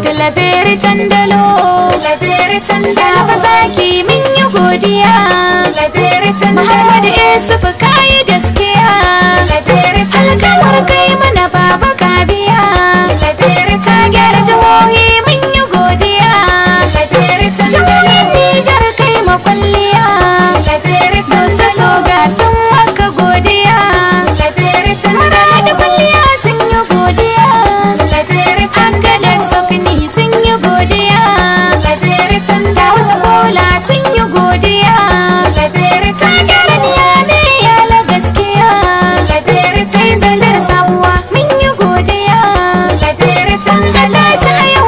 Da candalo talabere candalo ba zaki min yi godiya talabere candalo da Isufu kayi gaskiya san ga tashi